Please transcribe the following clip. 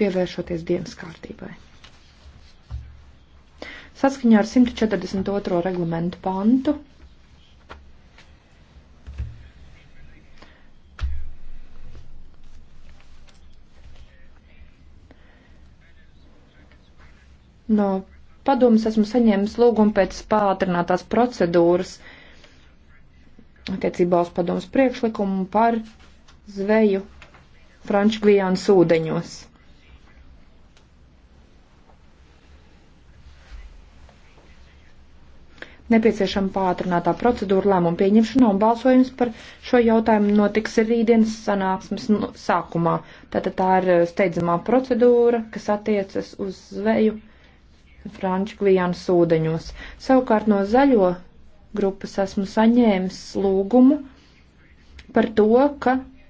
pievēršoties dienas kārtībai. Saskaņā ar 142. reglamentu pantu no padomas esmu saņēmis lūgumu pēc pātrinātās procedūras attiecībā uz padomas priekšlikumu par zveju Franču Gvijānas ūdeņos. nepieciešama pātrinātā procedūra lēmuma pieņemšana un balsojums par šo jautājumu notiks rītdienas sanāksmes sākumā. Tātad tā ir eh, steidzamā procedūra, kas attiecas uz zveju Franču Gvijānu sūdeņos. Savukārt no zaļo grupas esmu saņēmis lūgumu par to, ka